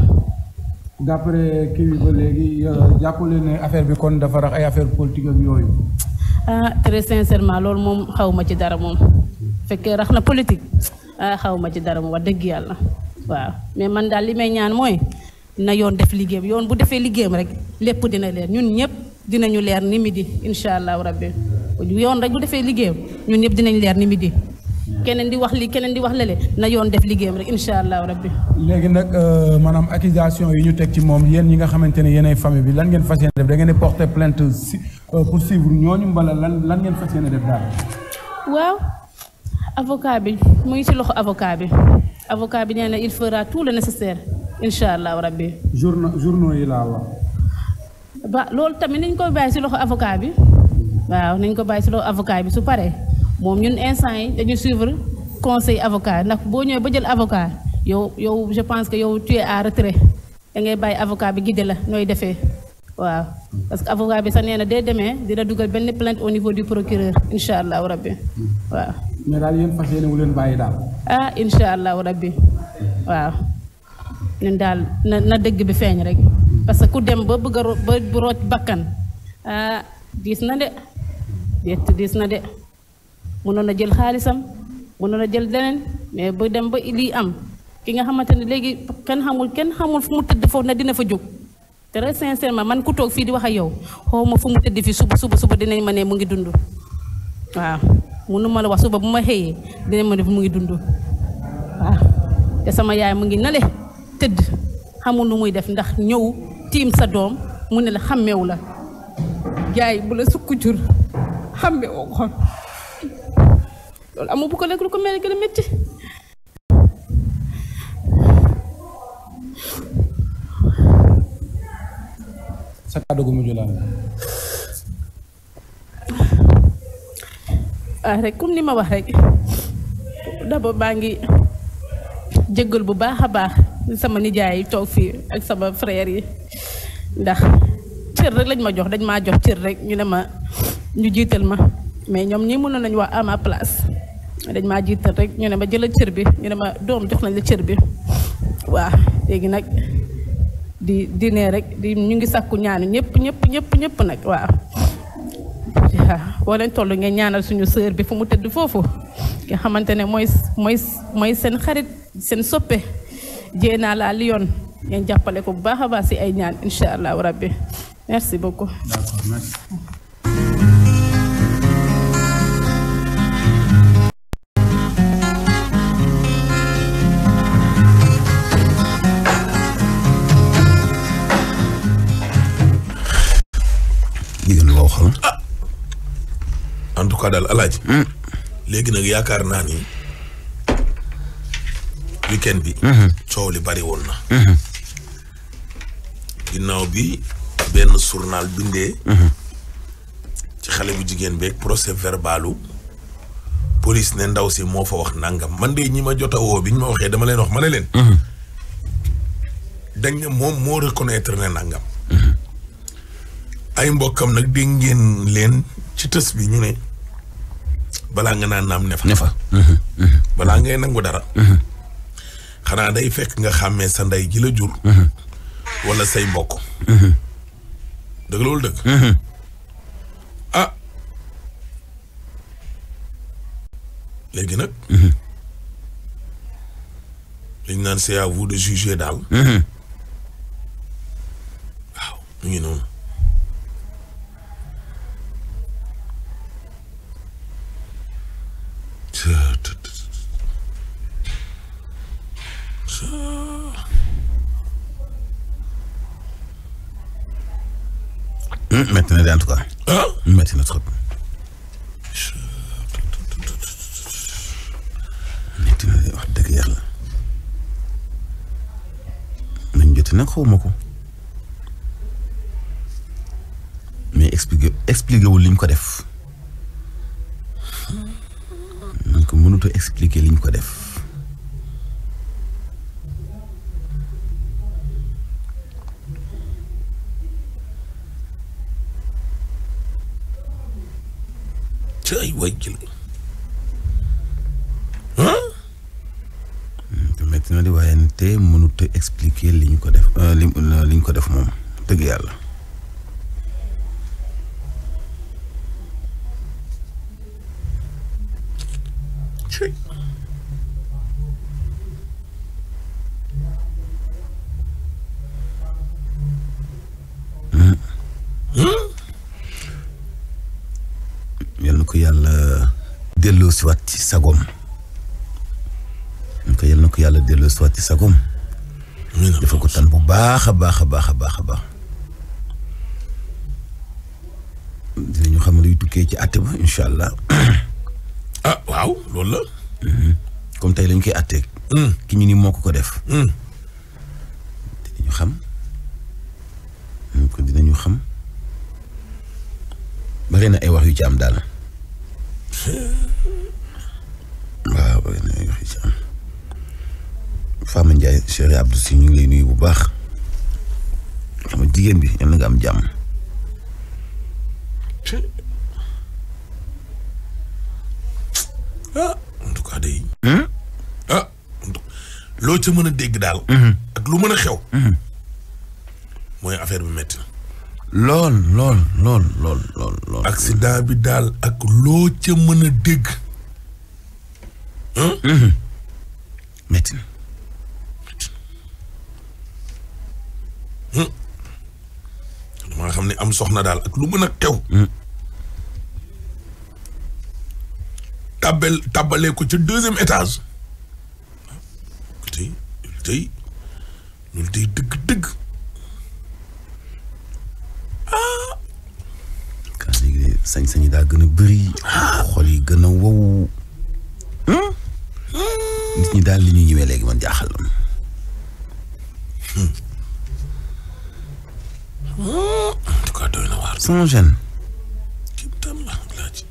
d'après kii bi ba léegi euh, jàppale ne affaire bi kon dafa rax ay affaire politique ak yooyu. ah très sincèrement loolu moom xaw ma ci dara moom fekkee rax na politique ah xaw ci dara moom wax dëgg yàlla waaw mais man daal li may ñaan mooy na yoon def liggéeyam yoon bu defee liggéeyam rek lépp dina leen ñun ñëpp. dinañu leer ni midi incha allahu rabbi yoon rek bu defee liggéeyam ñun ñëpp dinañ leer ni midi keneen di wax lii keneen di wax lee na yoon def liggéeyam rek incha allahu rabbi. léegi nag euh, maanaam accusation yi ñu teg ci moom yéen ñi nga xamante ne yéenay famille bi lan ngeen fas yéene def da ngeen di porter plainte si euh, pour suivre ñooñu mbala lan ngeen fas yéene def daal. waaw avocat bi mu ngi ci loxo avocat bi avocat bi nee na il fera tout le nécessaire incha allahu rabbi. journaux journaux yi laa wax. ba loolu tamit nañ koy bàyyi si loxo avocat bi waaw nañ ko bàyyi si loxo avocat bi su paree moom ñun instant yi dañu suivre conseil avocat ndax boo ñëwee ba jël avocat yow yow je pense que yow tu à retrait da ngay bàyyi avocat bi guidé la nooy defee waaw parce que avocat bi sax nee na dee demee dina dugal benn plainte au niveau du procureur incha allahu rabbi waaw. mais daal yéen fas yéene wu leen bàyyi daal. ah incha allahu rabbi waaw ñun daal na na dëgg bi feeñ rek. parce que ku dem ba bëgg a ba root bakkan ah diis na de déet diis na de mënoon a jël xaalisam mënoon a jël leneen mais bu dem ba lii am ki nga xamante ne léegi kenn xamul kenn xamul fu mu tëdd foofu ne dina fa jóg très sincèrement man ku toog fii di wax ak yow xaw ma fu mu tëdd fii suba suba suba dinañ ma ne mu ngi dund waaw mënu ma la wax suba bu ma xëyee dina ma ne mu ngi dund waaw te sama yaay mu ngi nale tëdd xamul nu muy def ndax ñëw tiim sa doom mu ne la xàmmewu la yaay bu la sukk jur xàmmewoo ko loolu amoo bu ko lekk lu ko mel ah, comme ni ma wax rek d'abord baa ngi jëggal bu baax a baax sama nijaay yi toog fii ak sama frère yi ndax cër rek lañ ma jox dañ maa jox cër rek ñu ne ma ñu jiital ma mais ñoom ñi mënoon nañu wax à ma place dañ maa jiital rek ñu ne ma jëlal cër bi ñu ne ma doom jox nañ la cër bi waaw léegi nag di dine rek di ñu ngi sàkku ñaanu ñëpp ñëpp ñëpp ñëpp nag waaw waaw boo leen toll ngeen ñaanal suñu sœur bi fu mu tëdd foofu nga xamante ne mooy mooy mooy seen xarit seen soppe jéenaa laa Lyon ngeen jàppale ko bu baax a baax si ay ñaan incha allahu rabbi merci beaucoup. Ah. ah en tout cas daal Alaaji. Hmm. léegi nag yaakaar naa ni. weekend bi. Mhm. coow li bari woon na. Mhm. ginnaaw bi benn journal bindee. Mhm. ci xale bu jigéen beeg procès verbalu police ne ndaw si moo fa wax nangam man de ñi ma jot bi ñu ma waxee dama leen wax ma ne leen. dañ ne moom moo reconnaître ne nangam. ay mbokkam nag dégg ngeen leen ci tës bi ñu ne balaa nga naan naam ne fa. ne fa balaa ngay nangu dara. xanaa day fekk nga xàmmee sa ndey ji la jur. Mhm. wala say mbokk. Mhm. dëgg loolu dëgg. Mhm. ah léegi nag. li ñu naan c'est à vous de juger daal. waaw mu ngi noonu. Hmm, metti na de en tout cas. ah na trop. metti na de wax dëgg yàlla. nañ joti nag xaw ko. mais expliqué expliqué wul liñ ko def. nañ ko mënut a expliqué liñ ko def. way ci la te na di waaye te mënut a expliquer li ñu ko def euh, li ñu ko def moom dëgg yàlla sagom ñu ko yal na ko yàlla delloo soit ci sagom dafa ko tan bu baax a baax a baax a baax a baax xam luy tukkee ci àtte ba incha allah ah waaw loolu la mm-hmm. comme tey lañ koy àtteeg mm. ki ñu ni moo ko ko def mm. dinañu xam ñu ko dinañu xam bare na ay wax yu ci am daal waaw Fama Ndiaye si ñu ngi lay nuyu bu baax sama jigéen bi yal na nga am jàmm. ah en hmm? ah, ca mën a dégg daal. Hmm. ak lu mën a xew. Hmm. mooy affaire bi métti lool lool lool lool lool lool. accident bi daal ak loo ca mën a dégg. métti na. Hmm. damaa xam ne am soxna daal ak lu mën a teew. Hmm. tàbbal tàbbalee ko ci deuxième étage. tey tey loolu tey dëgg dëgg. ah. sañ-sañ daa gën a bëri. Ah. xol yi gën a wow. Hmm? nit ñi daal li ñu ñëwee léegi man jaaxal na en tout cas doy na waar. sans gêne. kéemtaan la alaaji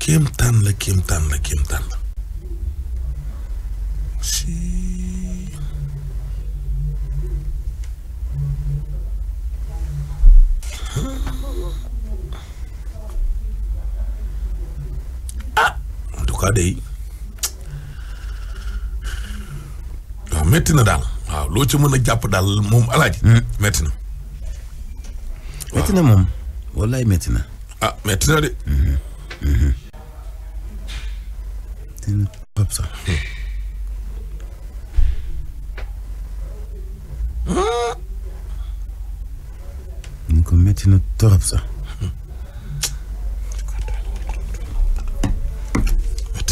kéemtaan la kéemtaan la la. si. ah en tout cas day. metti na daal waaw loo ci mën a jàpp daal moom alaaji métti hmm. na métti na moom wallaay métti na ah métti na de ñu hmm. hmm.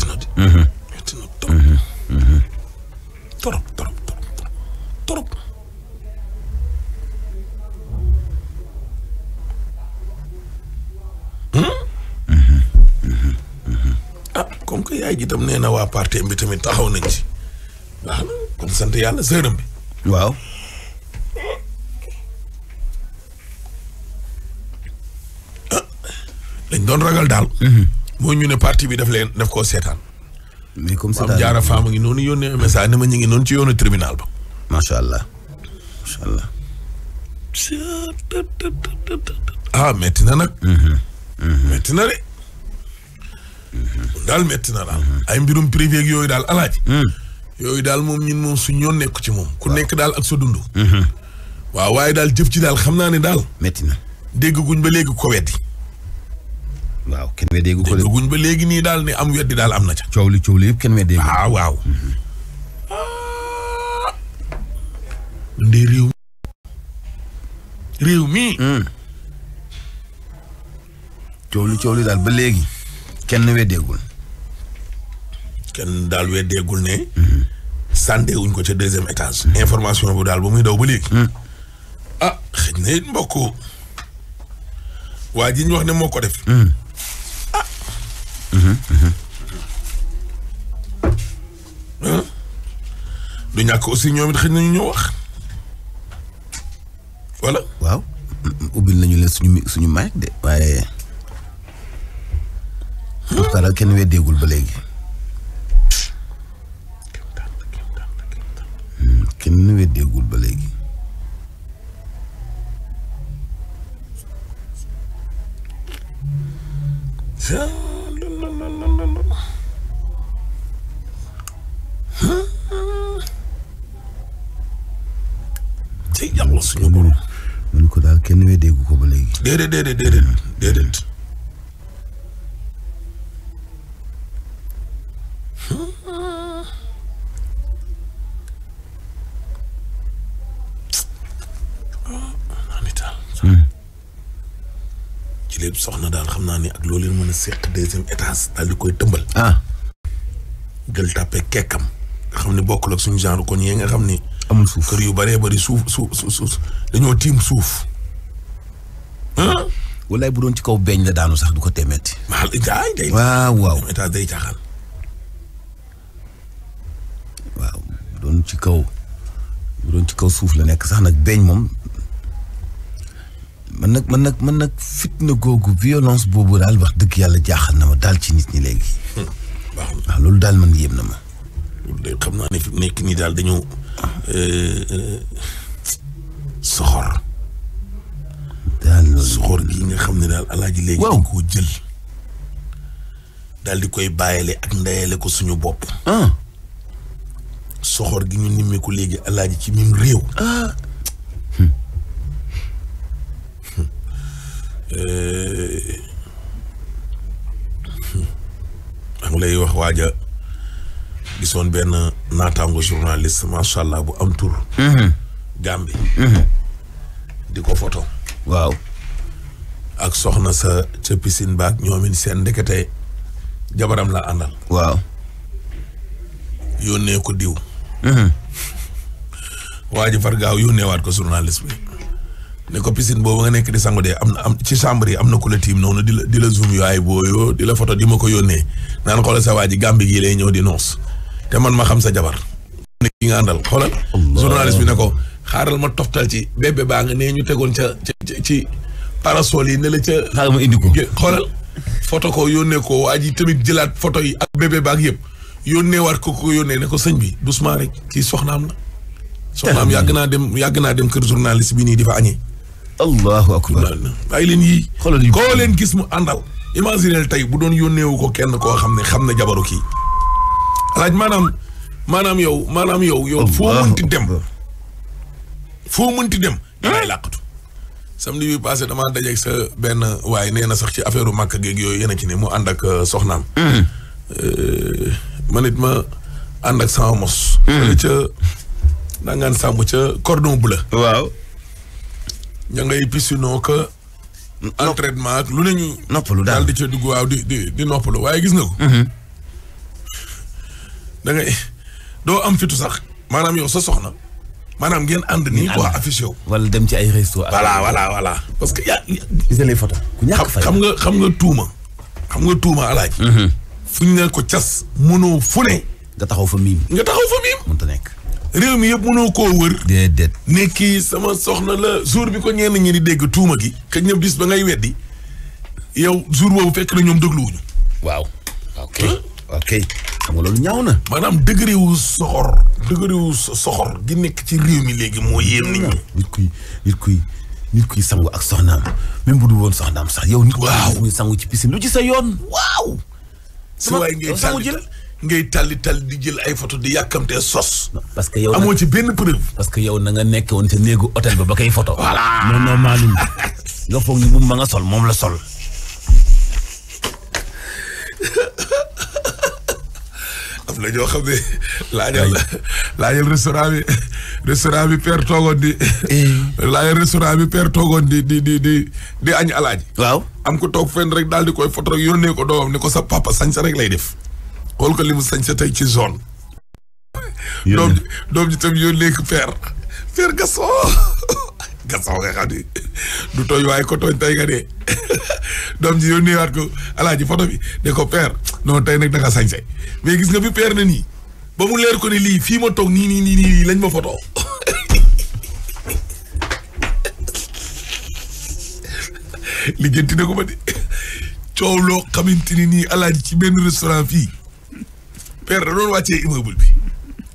na de trop trop trop ah comme que yaay ji tam nee na waa parti bi tamit taxaw nañ ci baax na kon sant yàlla sërëm bi waaw ah, dañ doon ragal daal hmm. moo ñu ne parti bi daf leen daf koo seetaan mais comme jaara faama ngi noonu yónnee message ne ma ñu ngi noonu ci yoonu tribunal ba. allah macha allah. ah métti na nag. métti mhm, mhm. na de. Mhm. daal métti daal. ay mbirum privé ak yooyu daal alaaji. Mm. yooyu daal moom ñun moom suñu yoon nekk ci moom. ku nekk daal ak sa dund. waaw waaye daal jëf ci daal xam naa ne daal. métti na dégg guñ ba léegi ko weddi. waaw kenn weddeegu ko guñ ba léegi nii daal ni am weddi daal am na ca. coow li coow li yëpp kenn weddeegu. ah waaw. Ah. ndey mi. Hmm. coow li coow li daal ba léegi kenn weddeegul. kenn daal weddeegul ne. Hmm. sànde wuñ ko ca deuxième étage. Hmm. information bu daal ba muy daw ba léegi. ah xëy na mbokk waa ji ñu wax ne moo ko def. du ñàkk aussi ñoom it xëy nañu ñoo wax voilà. waaw ubbil nañu leen suñu suñu mic de waaye. waxtaan kenn weddeegul ba léegi. Hmm, kenn weddeegul ba léegi. suñu borom mun ko daal kenn wee déggu ko ba léegi déedéet déedéet déedéet déedéet ci lépp soxna daal xam naa ni ak loolu leen mën a seq deuxième étage daal di koy tëmbal ah gël tàppe kekkam nga xam ne bokkul ak suñu genre kon yee nga xam ni amul suuf kër yu bëree bëri suuf suuf suuf dañoo tiim suuf. walaay bu doon ci kaw beeñ la daanu sax du ko tee metti. waaw waaw état day caaxaan. waaw ci kaw doon ci kaw suuf la nekk sax nag beeñ moom man nag man nag man nag fitna googu violence boobu daal wax dëgg yàlla jaaxal na ma daal ci nit ñi léegi. Hmm, loolu daal man yéem na ma. loolu day xam naa nekk nii daal dañoo. Euh, euh, soxor. daal soxor gi nga xam ne daal alaaji léegi. waaw koo jël. daal di koy bàyyale ak ndeyale ko suñu bopp. Ah. soxor gi ñu nimmeeku léegi alaaji ci mim réew. Ah. Euh, lay wax waaja gisoon benn naataango journaliste macha allah bu am tur. Mhm. Gambie. Mhm. di ko foto. waaw. ak soxna sa ca piscine baak ñoomin seen ndekete jabaram la àndal. waaw. yónnee ko diw. Mhm. waa far gaaw yónnee waat ko journaliste bi. ne ko piscine boobu nga nekk di sangu de am na am ci chambre yi am na ku tiim noonu di la zoom yu ay booyoo di la photo di ma ko yónnee naan xoolal sa waa ji gii lay ñëw di noos. te man ma xam sa jabar ne àndal xoolal journaliste bi ne ko xaaral ma toftal ci bébé baa nga nee ñu tegoon ca ci parasol yi ne la ca xaaral ma indi ko xoolal photo ko yónnee ko waa ji tamit jëlaat photo yi ak bébé yëpp yónnee waat ko yónnee ne ko sëñ bi doucement rek kii soxnaam la soxnaam yàgg naa dem yàgg naa dem kër journaliste bi nii di fa añee allahu akbar bàyyi leen yii koo leen gis mu àndal imaginel tey bu doon yónneewu ko kenn koo xam ne xam na jabaru kii alaaj maanaam maanaam yow maanaam yow yow foo mënti dem foo mënti dem dangay làqatu samedi bi passé damaa dajeeg sa benn waaye nee na sax ci affaire màkk géeg yooyu yéen ci ne mu ànd ak euh, soxnaam hmm. euh, man ma ànd ak sama mos hmm. fële ca nangaan sàmm ca cordon bleu waaw ña ngay pisinoo lu ne ñu noppalu daal di ca dugg waaw di di di waaye gis na ko hmm. da ngay doo am fitu sax maanaam yow sa soxna maanaam ngeen ànd nii quoi affiché wu. wala dem ci ay resto. voilà voilà voilà parce que yaa. gisee les photos ku ñàkk fay xam nga xam nga tuuma. xam nga tuuma alaaj mhm. fu ñu ne ko cas mënoo fu ne. nga taxaw fa miim. nga taxaw fa miim. mënta nekk. réew mi yëpp mënoo koo wër. déedéet kii sama soxna la jour bi ko ñenn ñi di dégg tuuma gi. kañ ñëpp bis ba ngay weddi yow jour boobu fekk na ñoom dégluwuñu. waaw ok xam nga loolu ñaaw na. maanaam degré wu soxor. degré soxor gi nekk ci réew mi léegi moo yéem nit ñi. nit kuy nit kuy sangu ak soxnaam même bu dul woon soxnaam sax yow. nit sangu ci piscine ci sa yoon. waaw. su waay ngay tàlli ngay tàlli tàlli di jël ay photo di yàkkamtee sos. parce que yow amoo ci benn preuve. parce que yow na nga nekk woon te néegu hôtel ba ba koy photo. voilà non non foog ni bu ma nga sol moom la sol. am na ñoo xam ne laajal laajal restaurant bi restaurant bi père toogoon di eh. laajal restaurant bi per toogoon di di di di añ alaaji waaw am ko toog fenn rek daal di koy foto rek yónnee ko doomam ni ko sa papa sa rek lay def xool ko li mu sañsa tey ci zone doom doom ji tam yónnee ko père père Gaston Gaston nga xam ne du tooñ waaye ko tooñ tey nga dee doom ji yónnee waat ko alaaji photo bi de ko père non tey nag sañse mais gis nga bi père na nii ba mu leer ko ne lii fii ma toog nii nii lañ ma photo li jënti ko ba di coow loo xamante ni nii alaaji ci benn restaurant fii père da doon wàccee immeuble bi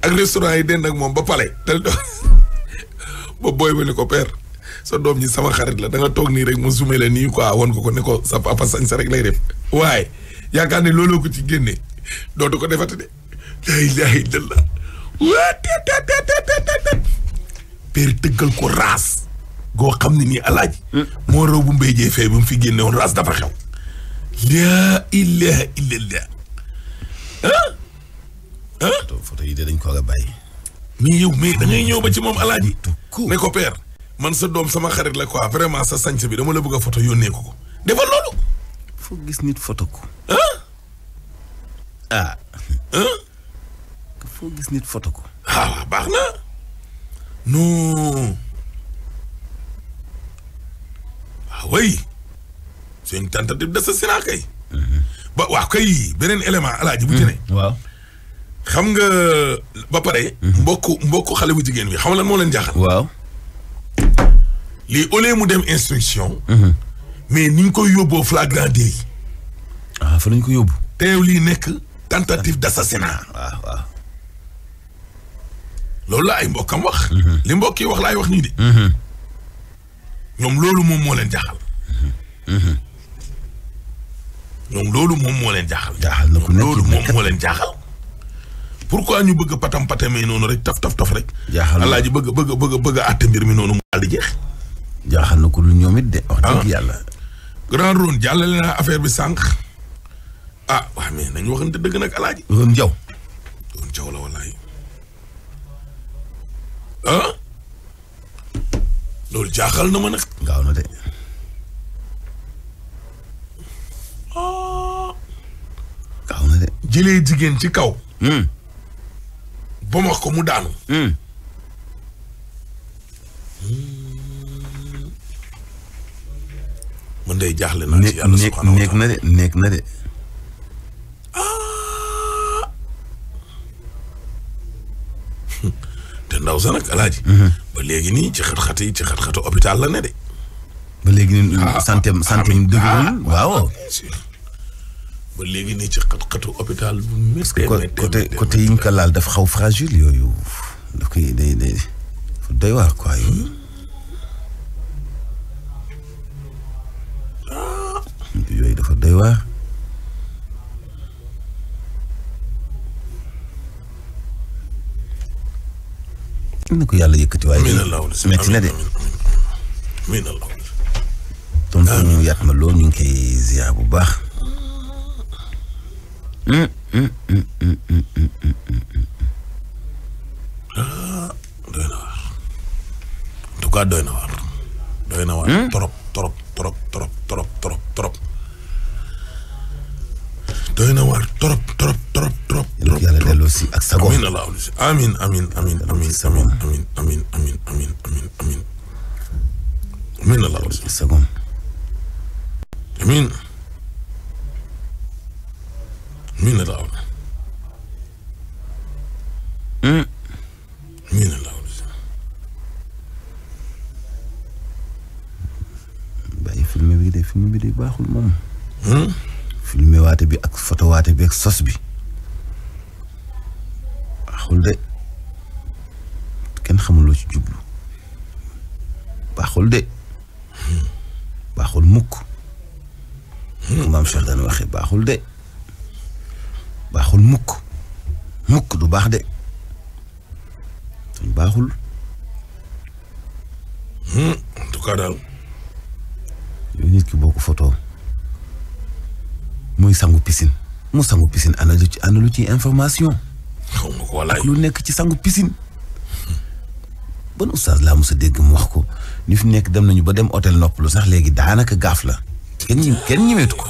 ak restaurant yi den ak moom ba pale dal ba booy ba ni ko sa doom ñi sama xarit la danga toog nii rek mu zoomé la nii quoi wan ko ko ne ko sa papa sañ sa rek lay dem waaye yaakaar ne looloo ko ci génne dootu ko defat de la ilaha illallah waattt père tëggal ko raas goo xam ne nii alaaji hmm. bu mbéy jee mu fi génne woon raas dafa xew yi de dañ ko war a bàyyi mais yow hmm. ñëw ba ci moom alaaji ne ko man sa doom sama xarit la quoi vraiment sa sanc bi dama la bëgg foto photo yónnee ko ko defal loolu. foo gis nit photo ko. ah. ah. foo gis nit photo ko. ah baax na. non. ah oui. c'est une kay. ba waaw kay beneen élément alaaji bu ci ne. Hmm, xam nga ba pare. Hmm. mbokku mbokku xale bu jigéen wi xam lan moo leen jaaxal. lii au lieu mu dem instruction. mais ni ñu koy yóbboo flagrant délit. ah fa lañ ko yóbbu. teew lii nekk tentative d' assassinat. Ah, waaw waaw. loolu la ay mbokkam wax. Mhm. li mbokk yi wax ay wax nii de. Mhm. ñoom loolu moom moo leen jaaxal. Mhm. ñoom loolu moom moo leen jaaxal. jaaxal na loolu moom moo leen jaaxal. pourquoi ñu bëgg patam patamee noonu rek taf taf taf rek. jaaxal alaaji bëgg bëgg bëgg bëgg a mbir mi noonu mu daal jeex. jaaxal na ko lu ñoom it de. wax dëgg ah. yàlla. grand Rhone jàllale naa affaire bi sànq. ah waa mais nañu waxante dëgg nag alaaji. Rhone Diaw. Rhone Diaw la walaay. ah. loolu jaaxal na ma nag. gaaw na de. ah. gaaw na de. jëlee jigéen ci kaw. Hmm. ba ma ko mu daanu. Hmm. Hmm. mën day jaaxle naa ci yàlla subhanahu nekk na de nekk na de. Ah! te ndaw sa nag alaaji mhm. ba léegi nii ci xat-xat ci xat-xatu hôpital la ne de. ba léegi nii ah, ah, santé santé ñu léegi nii ci xat-xatu hôpital bu méttee méttee côté côté yi ñu ko laal dafa xaw fragile yooyu daf koy day day doy waar quoi yooyu. Hmm? yooyu dafa doy waar na ko yàlla yëkkati waaye metti na de tonton ñu yaat ma loo ñu ngi koy ziar bu baax ah, doy na waar en tout cas doy na waar doy na waar hmm? trop trop trop trop trop trop trop doy na waar trop trop trop trop. trop yàlla delloo si ak sago. amiin alaahu amiin amiin amiin amiin amiin amiin amiin amiin amiin hmm. amiin amiin amiin alaahu sago amiin amiin alaahu amiin alaahu bàyyi film bi de film bi de baaxul moom. Hmm? filmé waate bi ak photo waate bi ak sos bi baaxul de kenn xamuloo ci jublu baaxul de baaxul mukk maam Cheikh daan baaxul de baaxul mukk mukk du baax de tuñ baaxul hmm, en tout cas yooyu nit ki boo ko photo muy sangu piscine mu sangu piscine ana lu ci ana lu ci information. xaw ma ko walaay lu nekk ci sangu piscine. ban oustaz laa mos a dégg mu wax ko ñu fi nekk dem nañu ba dem hôtel noppalu sax léegi daanaka gaaf la. kenn ñi kenn ñemeetu ko.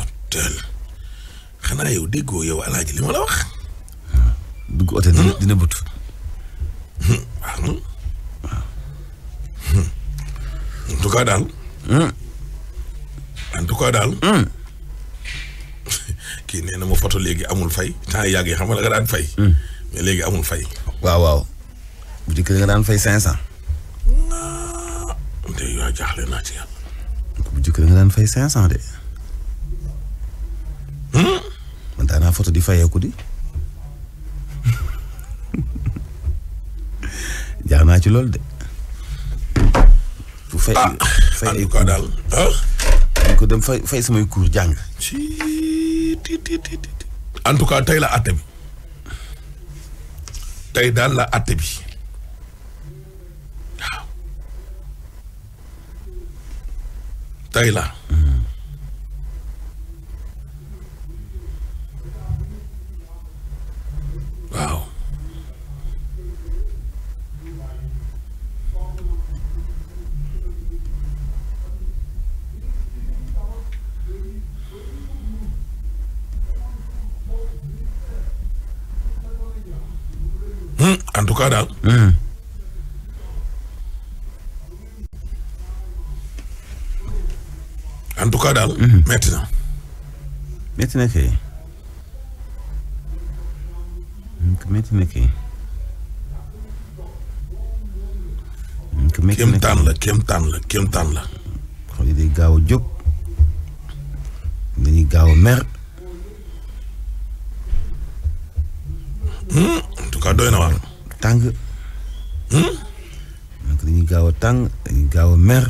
xanaa yow déggoo yow alaaji li ma la wax. dugg hôtel dina hmm? dina but. waaw. Hmm? Hmm? en tout cas daal. en tout cas daal. kii nee na ma photo léegi amul fay temps yàgg yi xam nga nga daan fay. Hmm. mais léegi amul fay. waaw waaw. bu njëkk nga daan fay cinq cent. te naa ci yàlla. bu njëkk nga daan cent de. Hmm? man daanaa di fayeeku di. jaax naa ci loolu de. bu fay. ah en ah? fay samay cours jàng. en tout cas tey la àtte bi tey daal la àtte bi waaw tey la en tout cas daal. Hmm. en tout cas daal. métti hmm. na. métti na kay. métti na kay. kéemtaan la kéemtaan la kéemtaan la. xool yi day gaaw a jóg dañuy gaaw a mer. Hmm. en tout cas doy na waar. tàng donc dañuy gaaw a tàng dañuy gaaw a mer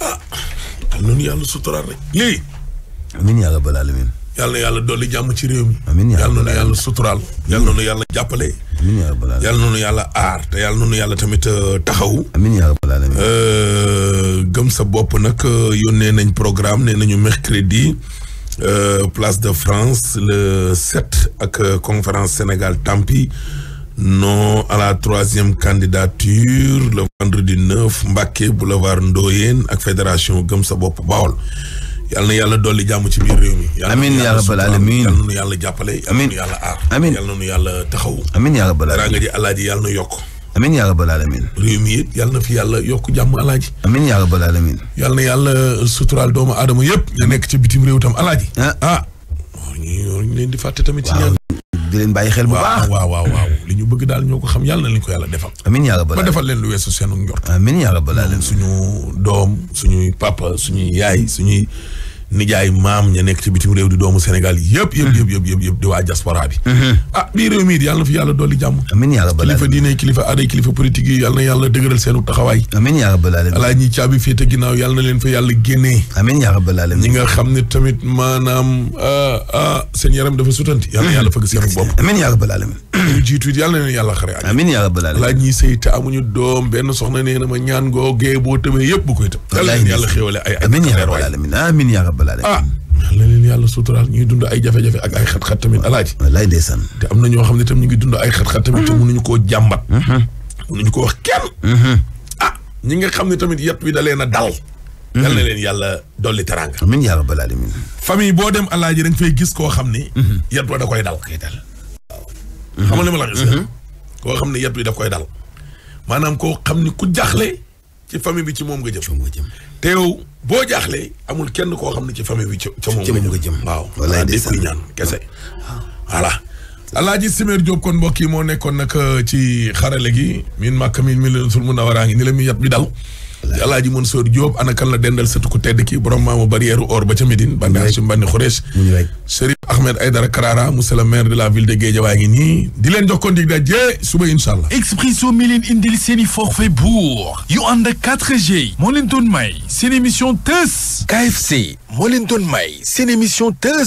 ah, noonu yàlla suturaal rek lii amiin yàlla balaa amiin yàlla yàlla dolli jàmm ci réew mi amiin yàlla yàlla suturaal yàlla noonu yàlla jàppale amiin yaa yàlla noonu yàlla aar te noonu yàlla tamit euh, taxaw. amiin yaa rabbal aalamiin. Euh, gëm sa bopp nag euh, yónnee nañ programme nee nañu mercredi place de France le 7 ak conférence Sénégal Tampi non à la troisième candidature le vendredi 9 Mbacké boulevard Ndoyeen ak fédération gëm sa bopp Bawol. yal na yàlla dolli jàmm ci biir réew mi. amiin yaa rabbal aalamiin yal na yàlla jàppale. amiin yal na nu yàlla aar. amiin na nu yàlla taxawu. amiin yaa rabbal na yokk. amiin yaa rabbal aalamiin. réew mi it yal na fi yàlla yokk jàmm alaaji. amiin yaa rabbal aalamiin. yal na yàlla suturaal doomu aadama yëpp. nga nekk ci bitim réew tam alaaji. ah ah. ñu leen di fàtte tamit ci ñaan. di bàyyi xel bu baax waaw li ñu bëgg daal ñoo ko xam yàlla na leen ko yàlla defal amiin yaa rabbal ba defal leen lu weesu seenu njort amiin yaa rabbal leen suñu doom suñuy papa suñuy yaay suñuy nijaay maam ña nekk ci bitim réew di doomu Sénégal yëpp yëpp yëpp yëpp yëpp yëpp di waa diaspora bi mm-hmm. ah bii réew mii yàlla na fi yàlla dolli jàmm amiin yàlla balaa kilifa diine kilifa aaday kilifa politique yi na yàlla dëgëral seenu taxawaay amiin yàlla balaa alaa ñi caabi féete ginnaaw yàlla na leen fa yàlla génnee amiin yàlla ah, ah, mm-hmm. ñu jiitu it na soxna nee ma ñaan googee boo tëbee yëpp bu koy rabbal alamin ah na leen yàlla suturaal ñuy dund ay jafe-jafe ak ay xat-xat tamit alaaji wallaay ndeysaan te am na ñoo xam ne tam ñu ngi dund ay xat-xat tamit te mhm. mënuñu koo jàmbat mhm. mënuñu ko wax kenn mhm. ah ñi nga xam ne tamit yat wi da leen a dal yal na leen yàlla dolli teraanga amiin yaa rabbal alamin famille boo dem alaaji da nga fay gis koo xam ne yat wa da koy dal koy dal waaw xamal li ma la gis koo xam ne yat wi da koy dal maanaam koo xam ne ku jaxle ci famille bi ci moom nga jëm te boo jaaxlee amul kenn koo xam ne ci famille bi ca ca moom nga jëm waaw wala di kuy ñaan kese voilà alaaji Simeer Diop kon mbokk yi moo nekkoon nag euh, ci xarale gi min màkk min mi leen sul mun a waraa ngi ni mi yat bi dal alaaji Mansour Diop ana kan la dendal sëtu ku tedd ki borom maamu barrière or ba ca Médine bande Hachim bande Khouresh Chérif Ahmed Aïdara Karara monsieur le maire de la ville de Guédiawaye ngi nii di leen jox ko ndig dajee suba insha allah Expresso mi leen indil seeni forfait bourg yu ànd ak 4G moo leen doon may seen émission tës KFC moo leen doon may seen émission tës